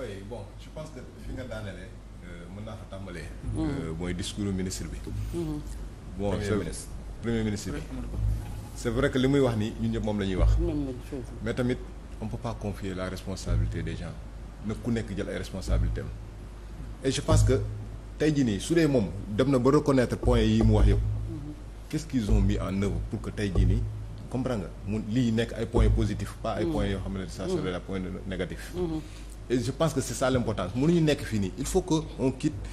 oui bon je pense que fi nga daanelee euh, mën naa fa tàmbalee. Mhm. Euh, mooy discours ministre bi. Mhm. bon premier ministre premier ministre bi. c'est vrai que li muy wax ni ñun ñëpp moom la ñuy wax. mais tamit on peut pas confier la responsabilité des gens na ku nekk jël ay responsabilités am et je pense que tey jii nii su dee moom dem na ba reconnaître points yi mu wax yëpp. Mhm. qu'est-ce qu'ils en œuvre pour que tey jii nii comprendre nga mu lii nekk ay points positifs pas ay points yoo xam ne ça serait la point négatif. et je pense que c'est ça l'importance mënuñu nekk fii nii il faut que on quitte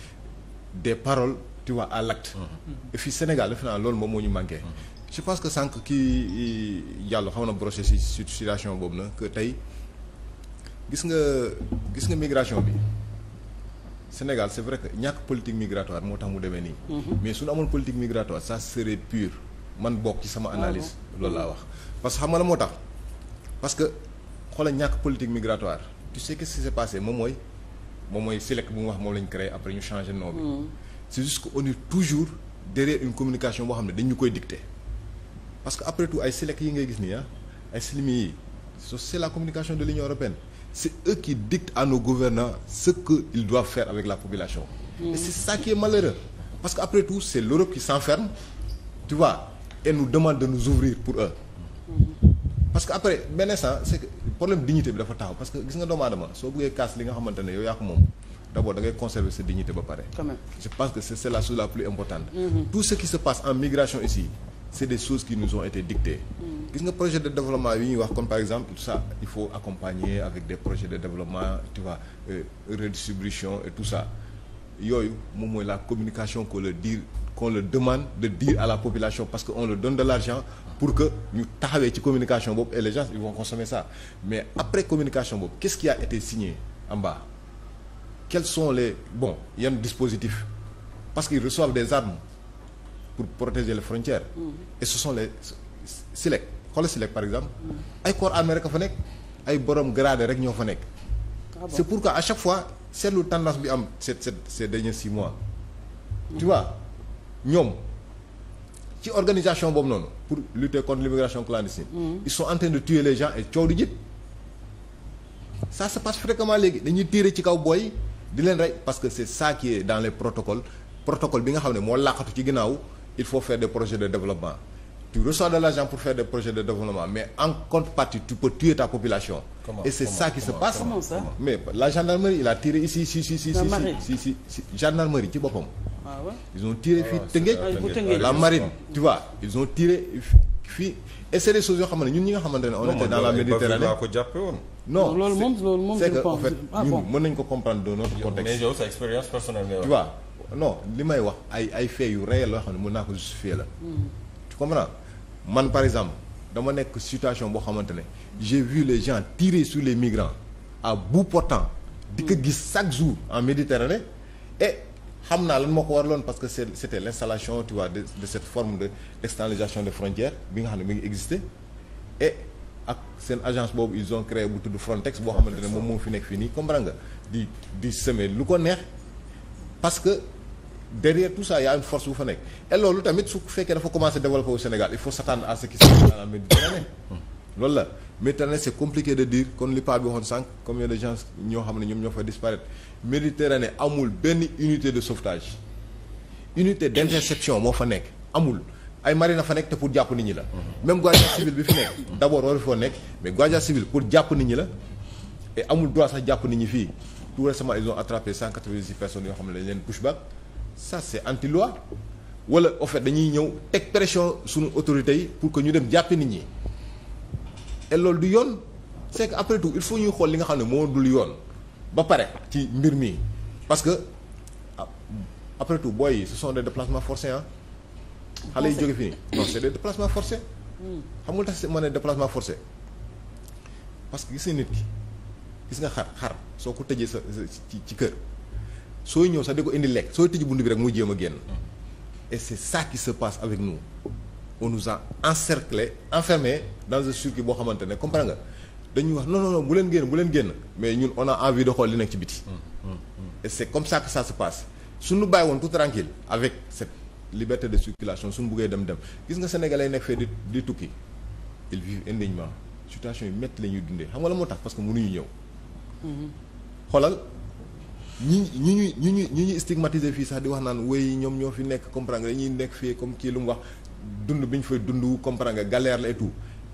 des paroles tu vois à mm-hmm. Mm-hmm. fii Sénégal defe naa loolu moom moo ñu manqué mm-hmm. je pense que sànq kii yàlla xaw na broché si situation boobu na que tey gis nga gis nga migration bi Sénégal c'est vrai que ñàkk politique migratoire moo tax mu demee nii mais suñu amoon politique migratoire ça serait pur man bokk ci sama analyse ah loolu laa wax parce que xam moo tax parce que xoolal ñàkk politique migratoire tu sais qu'est-ce qui s'est passé moom mooy moom mooy SILEC bu mu wax moom la ñu après ñu changé nom bi. Mm. c'est juste qu'on est toujours derrière une communication boo xam ne dañ ñu koy dicter parce que après tout ay SILEC yi ngay gis nii ah ay SILMI yi c'est la communication de l'Union européenne c'est eux qui dictent à nos gouvernants ce qu'ils doivent faire avec la population. Mmh. et c'est ça qui malheureux parce que après tout c'est l'Europe qui s'enferme tu vois et nous pour eux. Mmh. problème dignité bi dafa taxaw parce que gis nga doomu aadama soo bëggee kaas li nga xamante ne yow yaa ko moom d'abord da ngay conserver sa dignité ba pare je pense que c'est la chose la plus importante mm-hmm. tout ce qui se passe en migration ici c'est des choses qui nous ont été dictées mm-hmm. gis nga projet de développement yi ñuy wax comme par exemple tout ça il faut accompagner avec des projets de développement tu vois euh, redistribution et tout ça yooyu moom mooy la communication qu'on le dire qu'on le demande de dire à la population parce que on leur donne de l'argent pour que ñu taxawee ci communication boobu et les gens ils consommer ça mais après communication boobu qu'est-ce qui a été signé en bas quels les bon yan dispositifs parce qu'ils reçoivent des armes pour protéger les frontières mm-hmm. et ce sont les SILEC xoolal SILEC par exemple mm-hmm. ay corps armé rek a fa nekk ay borom grade rek ñoo fa nekk ah c'est pourquoi à chaque fois seetlu tendance bi am ces ces ces derniers six mois. tu vois ñoom ci organisation boobu noonu pour lutter contre l'immigration clandestine. Mm. ils sont en train de les gens et coow di jib. ça se passe léegi dañuy tiire ci kaw booy di leen rey parce que c'est ça qui est dans les protocoles protocole bi nga xam ne moo laqatu ci ginnaaw il faut faire des projets de développement tu reçois de l'argent pour faire des projets de développement mais en contrepartie tu peux Comment, et c'est ça qui comment, se comment, passe mais la gendarmerie il a tiré ici si si si si si si gendarmerie ci boppam ah ils ont tiré fii ah, ah, Tëngéej la marine tu vois ils ont tiré fii et c'est des choses yoo xam ne ñun ñi nga xamante ne on était dans la Méditerranée non loolu moom loolu moom c'est que en fait ñun mën nañu ko comprendre dans notre contexte mais yow sa expérience personnelle tu vois non li may wax ay ay faits yu réels loo xam ne mën naa ko justifier la hmm. tu comprends man par exemple dama nekk situation boo xamante ne j'ai vu les gens tirer sur les migrants à bout portant di ko gis chaque jour en Méditerranée et xam naa lan moo ko war waraloon parce que c'est c'était l'installation tu vois de de cette forme de externalisation des frontières bi nga xam ne mi ngi existé et ak seen agence boobu ils ont créé bu tudd Frontex boo xamante ne moom moo fi nekk fii nii comprendre nga di di semer lu ko neex parce que derrière tout ça y a une force bu fa nekk et loolu tamit su fekkee dafa commencé développer au Sénégal il faut s'attendre à ce de kon li Pape bi waxoon sànq combien de gens ñoo xam ne ñoom ñoo fa disparaître Méditerranée amul benn unité de sauvetage unité d'interception moo fa nekk amul ay marine fa nekk te pour jàpp nit ñi la même guardia civile bi fi nekk d'abord waru foo nekk mais guardia civile pour jàpp nit ñi la et amul droit sax jàpp nit ñi fii tout récemment ils ont attrapé 186 personnes yoo xam ne dañ leen pushback ça c'est anti loi wala en fait dañuy ñëw teg pression suñu autorités yi pour que ñu dem jàppe nit ñi et loolu du yoon c'est que après tout il faut ñuy xool li nga xam ne moo dul yoon ba pare ci mbir mi parce que ah, après tout booy yi ce sont des déplacements xale yi jóge fii non c'est des déplacements forcés. xam tax ma ne déplacement forcé parce que gis nga nit ki gis nga xar xar soo ko tëjee sa ci ci kër. sooy ñëw sax di ko indi lekk sooy tëj bunt bi rek muy jéem a génn et c'est ça qui se passe avec nous on nous a encerclé enfermé dans un circuit boo xamante ne comprendre nga dañuy wax non non bu leen génn bu leen génn mais ñun on a envie de xool li nekk ci biti mm, mm, mm. et c'est comme ça que ça se passe suñu bàyyi woon tout tranquille avec cette liberté de circulation suñu buggee dem dem gis nga sénégalais nekk fee di di tukki ils vivent indignement situation yi métti la ñuy dundee xam nga moo tax parce que mënuñu ñëw mm-hmm. xoolal ñi ñu ñu ñu ñu ñi ñuy fii sax di wax naan wéy ñoom ñoo fi nekk comprendre nga dañuy nekk fii comme kii lu mu wax dund bi ñu fay dund comprendre nga galère la et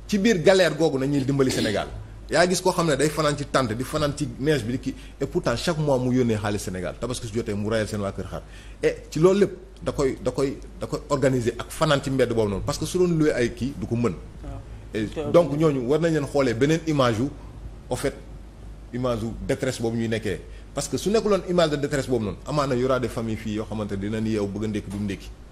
ci biir galère googu nañuy dimbali Sénégal yaa gis koo xam ne day fanaan ci tente di fanaan ci neige bi di kii et pourtant chaque mois mu yónnee xaalis Sénégal tabaski su jotee mu rayal seen waa kër xar et ci loolu lépp da koy da koy da koy organiser ak fanaan ci mbedd boobu noonu parce que su doon ay kii du ko mën. Ah. donc ñooñu war nañ leen xoolee beneen image yu fait image yu détresse boobu ñuy nekkee. parce que su nekkuloon image de détresse boobu noonu amaana y aura des fii yoo xamante dina ni yow bëgg a ndékki du ndékki